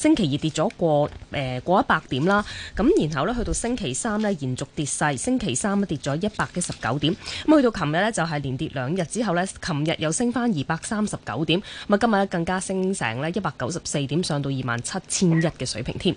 星期二跌咗過誒過一百點啦，咁然後咧去到星期三咧，延續跌勢，星期三咧跌咗一百一十九點，咁去到琴日咧就係連跌兩日之後咧，琴日又升翻二百三十九點，咁啊今日咧更加升成咧一百九十四點，上到二萬七千一嘅水平添。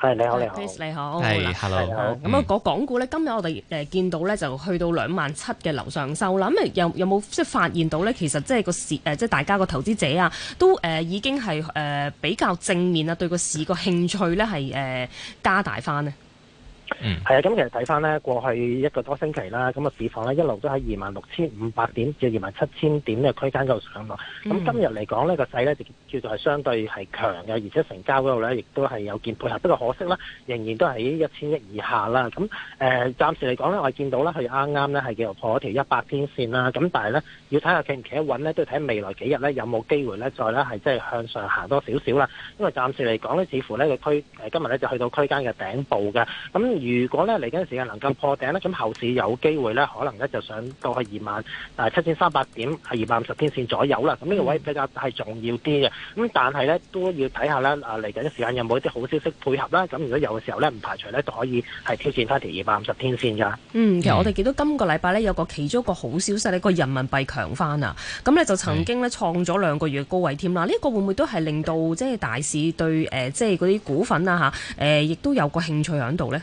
係、hey, 你好，你好，Chris, 你好，係 hello 好。咁啊，嗰港股咧，今日我哋誒見到咧，就去到兩萬七嘅樓上收啦。咁、嗯、啊、嗯，有有冇即係發現到咧？其實即係個市誒，即、呃、係、就是、大家個投資者啊，都誒、呃、已經係誒、呃、比較正面啊，對個市個興趣咧係誒加大返。嗯，係啊，咁其實睇翻咧，過去一個多星期啦，咁啊，市況咧一路都喺二萬六千五百點至二萬七千點嘅區區間嗰度上落。咁、嗯、今日嚟講呢個勢咧就叫做係相對係強嘅，而且成交嗰度咧亦都係有見配合。不過可惜啦，仍然都係一千億以下啦。咁、嗯、誒，暫時嚟講咧，我見到咧佢啱啱咧係繼續破咗條一百天線啦。咁但係咧，要睇下企唔企得穩咧，都要睇未來幾日咧有冇機會咧再咧係即係向上行多少少啦。因為暫時嚟講咧，似乎呢個區今日咧就去到區間嘅頂部嘅，咁、嗯。如果咧嚟緊時間能夠破頂呢，咁後市有機會呢，可能呢就上到去二萬七千三百點係二百五十天線左右啦。咁呢個位比較係重要啲嘅。咁但係呢都要睇下啦，啊，嚟緊時間有冇一啲好消息配合啦。咁如果有嘅時候呢，唔排除呢都可以係挑戰翻條二百五十天線噶。嗯，其實我哋見到今個禮拜呢，有個其中一個好消息呢個人民幣強翻啊。咁你就曾經呢創咗兩個月嘅高位添啦。呢、這個會唔會都係令到即係大市對誒、呃、即係嗰啲股份啊嚇誒，亦、呃、都有個興趣喺度呢？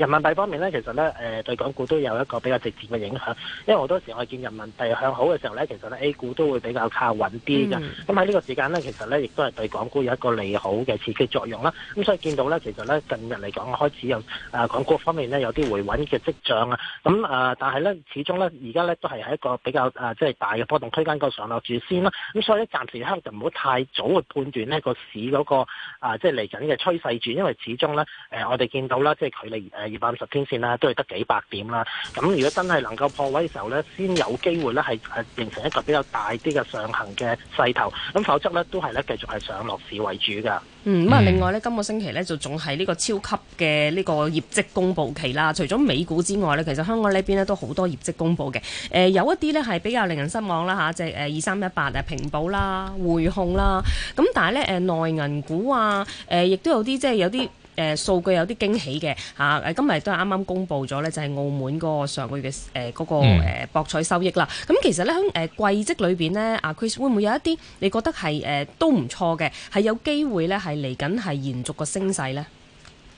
人民幣方面咧，其實咧，誒、呃、對港股都有一個比較直接嘅影響，因為好多時我見人民幣向好嘅時候咧，其實咧 A 股都會比較靠穩啲嘅。咁喺呢個時間咧，其實咧亦都係對港股有一個利好嘅刺激作用啦。咁、嗯、所以見到咧，其實咧近日嚟講開始有誒、啊、港股方面咧有啲回穩嘅跡象啊。咁、嗯、誒、呃，但係咧始終咧而家咧都係喺一個比較誒即係大嘅波動區間嗰上落住先啦。咁、嗯、所以咧暫時刻就唔好太早去判斷呢個市、那個市嗰個啊即係嚟緊嘅趨勢轉，因為始終咧誒我哋見到啦即係佢哋誒。二百五十天線啦，都係得幾百點啦。咁如果真係能夠破位嘅時候呢，先有機會呢係係形成一個比較大啲嘅上行嘅勢頭。咁否則呢都係呢繼續係上落市為主噶。嗯，咁啊、嗯，另外呢，今個星期呢就仲係呢個超級嘅呢個業績公佈期啦。除咗美股之外呢，其實香港呢一邊呢都好多業績公佈嘅。誒，有一啲呢係比較令人失望啦嚇，即係誒二三一八啊、平保啦、匯控啦。咁但係呢，誒內銀股啊，誒亦都有啲即係有啲。誒數據有啲驚喜嘅嚇，誒今日都係啱啱公布咗咧，就係澳門嗰個上個月嘅誒嗰個博彩收益啦。咁、嗯、其實咧喺季績裏邊咧，阿 Chris 會唔會有一啲你覺得係誒都唔錯嘅，係有機會咧係嚟緊係延續個升勢咧？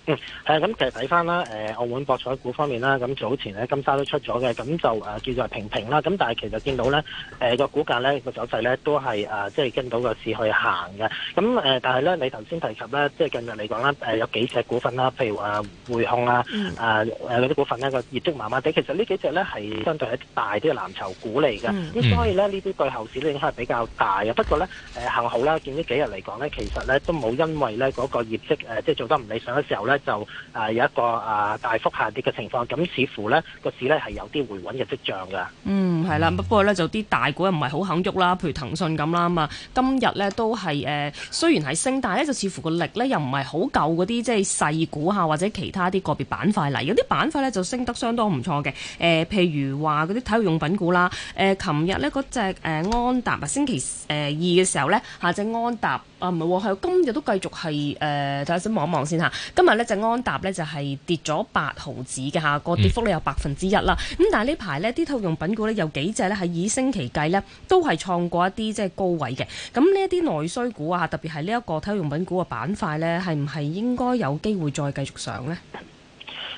嗯，係啊，咁其實睇翻啦，誒，澳門博彩股方面啦，咁早前咧金沙都出咗嘅，咁就誒叫做平平啦，咁但係其實見到咧，誒個股價咧個走勢咧都係誒即係跟到個市去行嘅，咁誒，但係咧你頭先提及咧，即係近日嚟講咧，誒有幾隻股份啦，譬如誒匯控啦，誒誒嗰啲股份咧個業績麻麻地，其實呢幾隻咧係相對係大啲嘅藍籌股嚟嘅，咁所以咧呢啲對後市嘅影響係比較大嘅。不過咧誒幸好啦，見呢幾日嚟講咧，其實咧都冇因為咧嗰個業績誒即係做得唔理想嘅時候咧。就啊、呃、有一個啊、呃、大幅下跌嘅情況，咁似乎呢個市呢係有啲回穩嘅跡象嘅。嗯，係啦，不過呢，就啲大股又唔係好肯喐啦，譬如騰訊咁啦嘛，今日呢都係誒、呃、雖然係升，但係呢就似乎個力呢又唔係好夠嗰啲即係細股啊或者其他啲個別板塊嚟。有啲板塊呢就升得相當唔錯嘅。誒、呃，譬如話嗰啲體育用品股啦。誒、呃，琴日呢嗰隻誒安踏啊，星期誒二嘅時候呢，下隻安踏。啊，唔係喎，係今日都繼續係誒，睇、呃、下先望一望先嚇。今日咧就安踏咧就係跌咗八毫子嘅嚇，個跌幅率有百分之一啦。咁、嗯、但係呢排呢啲體育用品股咧有幾隻咧係以星期計咧都係創過一啲即係高位嘅。咁呢一啲內需股啊，特別係呢一個體育用品股嘅板塊咧，係唔係應該有機會再繼續上咧？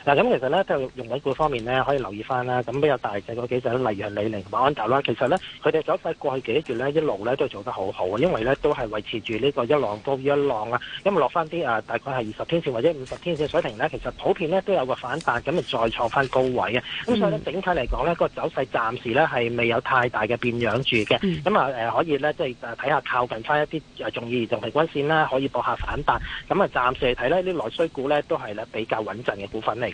嗱，咁其實咧，就運動股方面咧，可以留意翻啦。咁比較大隻嗰幾隻，例如係李寧同安踏啦。其實咧，佢哋走勢過去幾月咧，一路咧都做得好好嘅，因為咧都係維持住呢個一浪高於一浪啊。因為落翻啲啊，大概係二十天線或者五十天線水平咧，其實普遍咧都有個反彈，咁啊再創翻高位嘅。咁所以咧，整體嚟講咧，個走勢暫時咧係未有太大嘅變樣住嘅。咁啊誒，可以咧即係睇下靠近翻一啲誒重要移動平均線啦，可以博下反彈。咁啊，暫時嚟睇呢，啲內需股咧都係咧比較穩陣嘅股份嚟。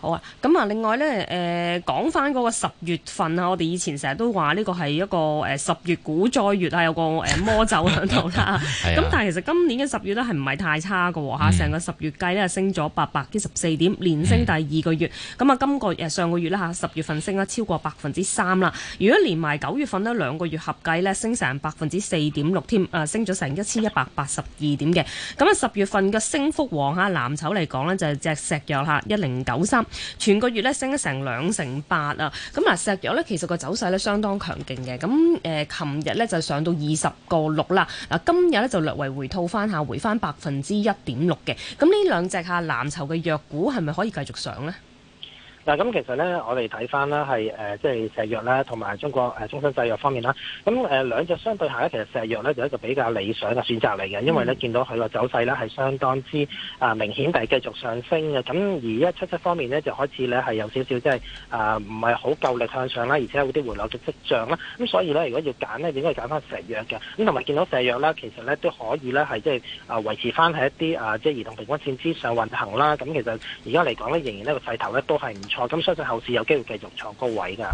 好啊，咁啊，另外咧，誒講翻嗰個十月份啊，我哋以前成日都話呢個係一個十月股災月啊，有個誒魔咒喺度啦。咁 但係其實今年嘅十月咧係唔係太差嘅下，成個十月計咧，升咗八百一十四點，連升第二個月。咁啊、嗯，今個上個月呢，十月份升咗超過百分之三啦。如果連埋九月份呢，兩個月合計咧，升成百分之四點六添，升咗成一千一百八十二點嘅。咁啊十月份嘅升幅王下，藍籌嚟講呢，就係隻石藥嚇一零九三。全個月咧升咗成兩成八啊！咁啊石藥咧其實個走勢咧相當強勁嘅。咁誒，琴日咧就上到二十個六啦。嗱，今日咧就略為回吐翻下，回翻百分之一點六嘅。咁呢兩隻下藍籌嘅藥股係咪可以繼續上呢？咁其實咧，我哋睇翻啦，係、呃、誒，即係石藥啦，同埋中國誒、呃、中生製藥方面啦。咁誒兩隻相對下咧，其實石藥咧就一個比較理想嘅選擇嚟嘅，因為咧見到佢個走勢咧係相當之啊、呃、明顯，係繼續上升嘅。咁而一七七方面咧，就開始咧係有少少即係啊唔係好夠力向上啦，而且有啲回落嘅跡象啦。咁所以咧，如果要揀咧，應該揀翻石藥嘅。咁同埋見到石藥咧，其實咧都可以咧係、呃、即係啊維持翻喺一啲啊即係移動平均線之上運行啦。咁其實而家嚟講咧，仍然勢呢個勢頭咧都係唔錯。咁、哦、相信後市有機會繼續創高位㗎。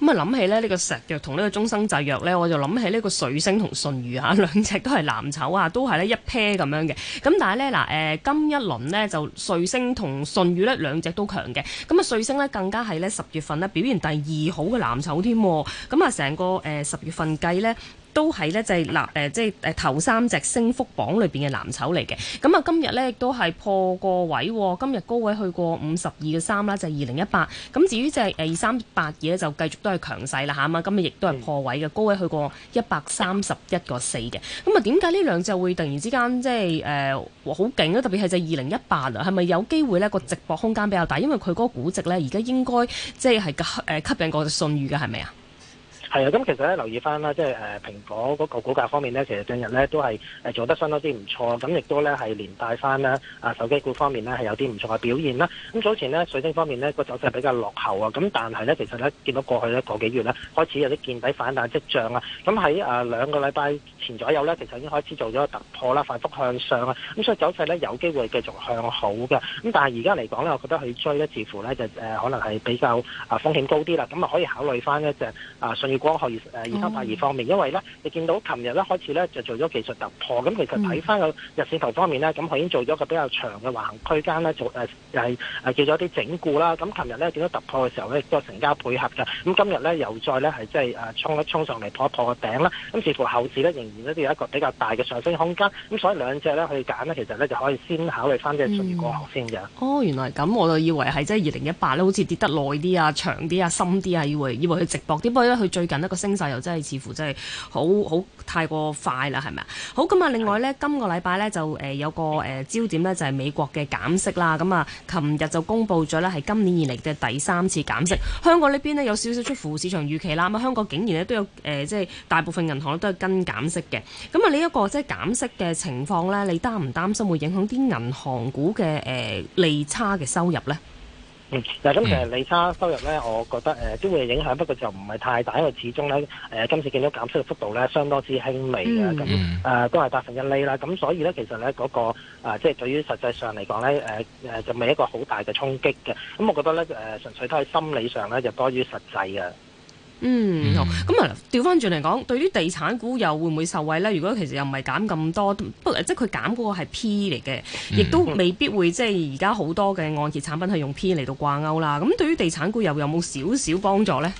咁啊，諗起咧呢個石藥同呢個中生製藥呢，我就諗起呢個瑞聲同舜宇啊，兩隻都係藍籌啊，都係呢一 pair 咁樣嘅。咁但係呢，嗱、呃，誒今一輪呢，就瑞聲同舜宇呢兩隻都強嘅。咁啊，瑞聲呢，更加係呢十月份呢表現第二好嘅藍籌添。咁、嗯、啊，成個誒、呃、十月份計呢。都係呢就係藍誒，即係誒頭三隻升幅榜裏邊嘅藍籌嚟嘅。咁啊，今日呢亦都係破個位，今日高位去過五十二個三啦，就係二零一八。咁至於隻二三八二咧，就繼續都係強勢啦嚇嘛。今日亦都係破位嘅，嗯、高位去過一百三十一個四嘅。咁啊，點解呢兩隻會突然之間即係誒好勁咧？特別係就二零一八啊，係咪有機會呢個值博空間比較大？因為佢嗰個估值呢，而家應該即係係誒吸引過信譽嘅係咪啊？是不是？係啊，咁其實咧留意翻啦，即係誒蘋果嗰個股價方面咧，其實近日咧都係做得相當之唔錯，咁亦都咧係連帶翻啦啊手機股方面咧係有啲唔錯嘅表現啦。咁早前咧水晶方面咧個走勢比較落後啊，咁但係咧其實咧見到過去一個幾月咧開始有啲見底反彈跡象啊，咁喺啊兩個禮拜前左右咧，其實已經開始做咗突破啦，反覆向上啊，咁所以走勢咧有機會繼續向好嘅。咁但係而家嚟講咧，我覺得去追咧，似乎咧就可能係比較啊風險高啲啦。咁啊可以考慮翻一隻啊信光學二誒二三八二方面，因為咧，你見到琴日一開始咧就做咗技術突破，咁其實睇翻個日線圖方面咧，咁佢已經做咗個比較長嘅橫行區間咧，做誒誒誒叫咗啲整固啦。咁琴日咧見到突破嘅時候咧，個成交配合嘅，咁今日咧又再咧係即係誒衝一衝上嚟破一破個頂啦。咁似乎後市咧仍然咧都有一個比較大嘅上升空間。咁所以兩隻咧去揀呢，其實咧就可以先考慮翻隻舜宇光學先嘅。哦，原來咁，我就以為係即係二零一八咧，好似跌得耐啲啊、長啲啊、深啲啊，以為以為佢值搏啲，不過咧佢最近一個升勢又真係似乎真係好好，好太過快啦，係咪啊？好咁啊，那另外呢，今個禮拜呢，就誒、呃、有個誒、呃、焦點呢，就係、是、美國嘅減息啦。咁、嗯、啊，琴日就公布咗呢，係今年以嚟嘅第三次減息。香港呢邊呢，有少少出乎市場預期啦。咁、嗯、香港竟然呢，都有誒，即、呃、係、就是、大部分銀行都係跟減息嘅。咁啊，呢一個即係、就是、減息嘅情況呢，你擔唔擔心會影響啲銀行股嘅誒、呃、利差嘅收入呢？嗱，咁、嗯、其實利差收入咧，我覺得誒都、呃、會影響，不過就唔係太大，因為始終咧誒、呃、今次見到減息嘅幅度咧，相當之輕微嘅，咁誒、嗯呃、都係百分一厘啦，咁所以咧其實咧嗰、嗰個、呃、即係對於實際上嚟講咧誒誒就未一個好大嘅衝擊嘅，咁我覺得咧誒、呃、純粹都係心理上咧就多於實際嘅。嗯，嗯好。咁啊，調翻轉嚟講，對於地產股又會唔會受惠咧？如果其實又唔係減咁多，不，即係佢減嗰個係 P 嚟嘅，亦、嗯、都未必會即係而家好多嘅按揭產品係用 P 嚟到掛鈎啦。咁對於地產股又有冇少少幫助咧？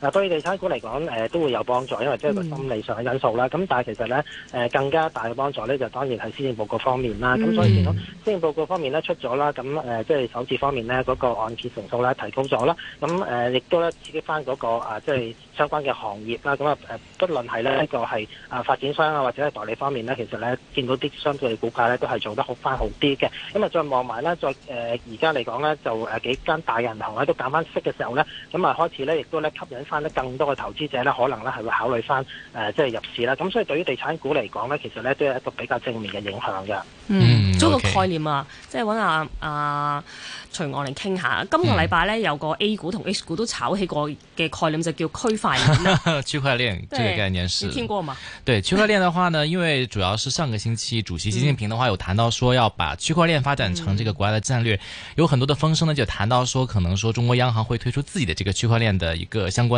嗱，對地產股嚟講，誒、呃、都會有幫助，因為即係個心理上嘅因素啦。咁、嗯、但係其實咧，誒、呃、更加大嘅幫助咧就當然係施政報告方面啦。咁、啊嗯、所以見到施政報告方面咧出咗啦，咁、呃、誒即係首次方面咧嗰、那個按揭成數咧提高咗啦。咁誒亦都咧刺激翻、那、嗰個啊，即係相關嘅行業啦。咁啊誒、啊，不論係咧一個係啊發展商啊或者係代理方面咧，其實咧見到啲相對嘅股價咧都係做得好翻好啲嘅。咁啊再望埋咧，再誒而家嚟講咧就誒幾間大嘅銀行咧都減翻息嘅時候咧，咁啊開始咧亦都咧吸引翻得更多嘅投資者呢，可能呢係會考慮翻誒，即係入市啦。咁所以對於地產股嚟講呢，其實呢都有一個比較正面嘅影響嘅。嗯，嗰個概念、嗯 okay、是啊，即係揾阿阿徐岸玲傾下。今個禮拜呢，有個 A 股同 H 股都炒起過嘅概念，就叫區塊鏈。 區塊鏈呢對個概念是，你聽過嗎？對區塊鏈嘅話呢，因為主要是上個星期主席習近平嘅話有談到，說要把區塊鏈發展成這個國家嘅戰略。嗯、有很多嘅風聲呢，就談到說，可能說中國央行會推出自己嘅這個區塊鏈嘅一個相關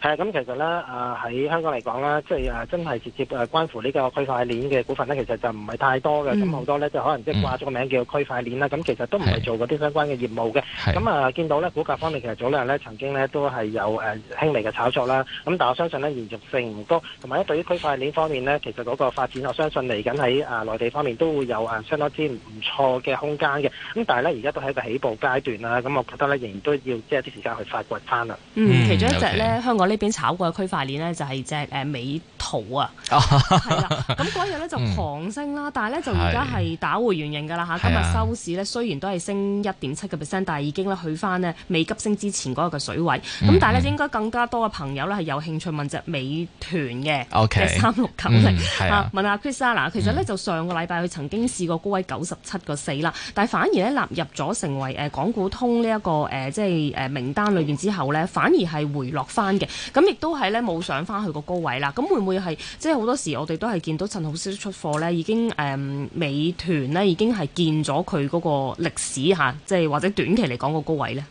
係啊，咁其實咧，啊喺香港嚟講啦，即係啊，真係直接誒關乎呢個區塊鏈嘅股份呢，其實就唔係太多嘅，咁好、嗯、多咧就可能即係掛咗個名叫做區塊鏈啦，咁、嗯、其實都唔係做嗰啲相關嘅業務嘅。咁啊，見、嗯、到咧股價方面，其實早兩日咧曾經咧都係有誒輕微嘅炒作啦。咁但我相信咧延續性唔多，同埋咧對於區塊鏈方面咧，其實嗰個發展，我相信嚟緊喺啊內地方面都會有啊相當之唔錯嘅空間嘅。咁但係咧而家都係一個起步階段啦。咁我覺得咧仍然都要即係啲時間去發掘翻啦。其中一隻咧。嗯 okay. 喺香港呢邊炒過嘅區塊鏈呢，就係隻誒美圖啊，係啦， 咁嗰日咧就狂升啦，嗯、但係咧就而家係打回原形嘅啦嚇。是今日收市咧雖然都係升一點七個 percent，但係已經咧去翻呢未急升之前嗰日嘅水位。咁、嗯、但係咧應該更加多嘅朋友咧係有興趣問隻美團嘅 OK 三六九零啊，問下 Chris 啊、嗯，嗱其實咧就上個禮拜佢曾經試過高位九十七個四啦，但係反而咧納入咗成為誒港股通呢一個誒即係誒名單裏邊之後咧，反而係回落翻。嘅，咁亦都係咧冇上翻去個高位啦。咁會唔會係即係好多時我哋都係見到趁好市出貨咧，已經、呃、美團咧已經係見咗佢嗰個歷史下，即係或者短期嚟講個高位咧。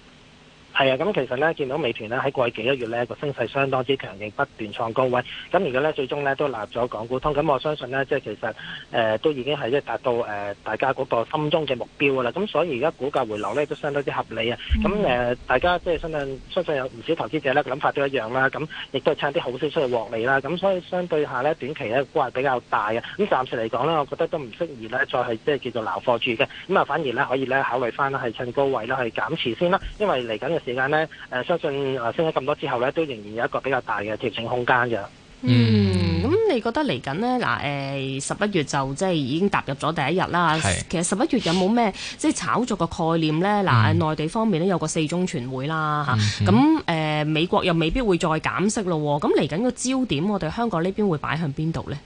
啊，咁其實咧見到美團咧喺過去幾個月咧個升勢相當之強勁，不斷創高位。咁而家咧最終咧都納咗港股通，咁我相信咧即係其實誒、呃、都已經係即係達到誒、呃、大家嗰個心中嘅目標㗎啦。咁所以而家股價回落咧都相當之合理啊。咁誒、呃、大家即係相信相信有唔少投資者咧個諗法都一樣啦。咁亦都係趁啲好消息去獲利啦。咁所以相對下咧短期咧波係比較大嘅。咁暫時嚟講咧，我覺得都唔適宜咧再係即係叫做撈貨住嘅。咁啊反而咧可以咧考慮翻咧係趁高位呢，係減持先啦。因為嚟緊嘅時時間咧，誒，相信誒升咗咁多之後呢，都仍然有一個比較大嘅調整空間嘅。嗯，咁你覺得嚟緊呢？嗱、呃，誒，十一月就即係已經踏入咗第一日啦。是其實十一月有冇咩即係炒作嘅概念呢？嗱、呃，內地方面咧有個四中全會啦，吓、啊，咁誒、呃，美國又未必會再減息咯。咁嚟緊個焦點，我哋香港呢邊會擺向邊度呢？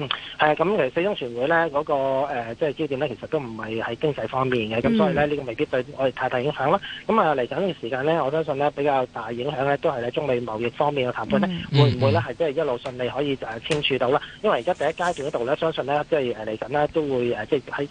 嗯，係啊，咁其實四中全會咧嗰個即係焦點咧，其實都唔係喺經濟方面嘅，咁、嗯、所以咧呢個未必對我哋太大影響啦。咁啊嚟緊嘅時間咧，我相信咧比較大影響咧都係喺中美貿易方面嘅談判咧，會唔會咧係即係一路順利可以誒簽署到啦？因為而家第一階段嗰度咧，相信咧即係誒嚟緊咧都會誒即係喺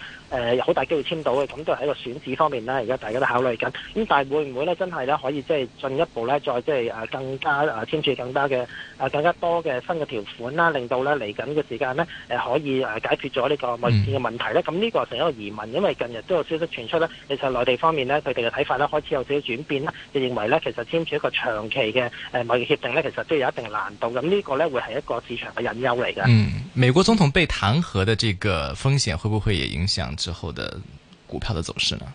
誒有好大機會簽到嘅，咁都係個選址方面啦。而家大家都考慮緊。咁但係會唔會咧真係咧可以即係進一步咧再即係誒更加誒簽署更加嘅誒更加多嘅新嘅條款啦，令到咧嚟緊嘅時間，咧可以誒解決咗呢個貿易協定嘅問題咧，咁呢個成一個疑問，因為近日都有消息傳出咧，其實內地方面咧，佢哋嘅睇法咧開始有少少轉變啦，就認為咧其實簽署一個長期嘅誒貿易協定咧，其實都有一定難度，咁呢個咧會係一個市場嘅隱憂嚟嘅。嗯，美國總統被彈劾嘅這個風險，會唔會也影響之後的股票的走勢呢？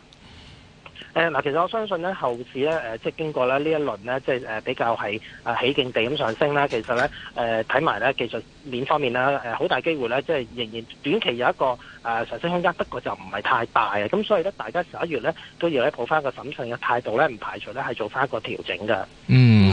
誒嗱，其實我相信咧，後市咧，誒即係經過咧呢一輪咧，即係誒比較係啊起勁地咁上升啦。其實咧，誒睇埋咧技術面方面咧，誒好大機會咧，即係仍然短期有一個誒上升空間，不過就唔係太大啊。咁所以咧，大家十一月咧都要咧抱翻個審慎嘅態度咧，唔排除咧係做翻一個調整嘅。嗯。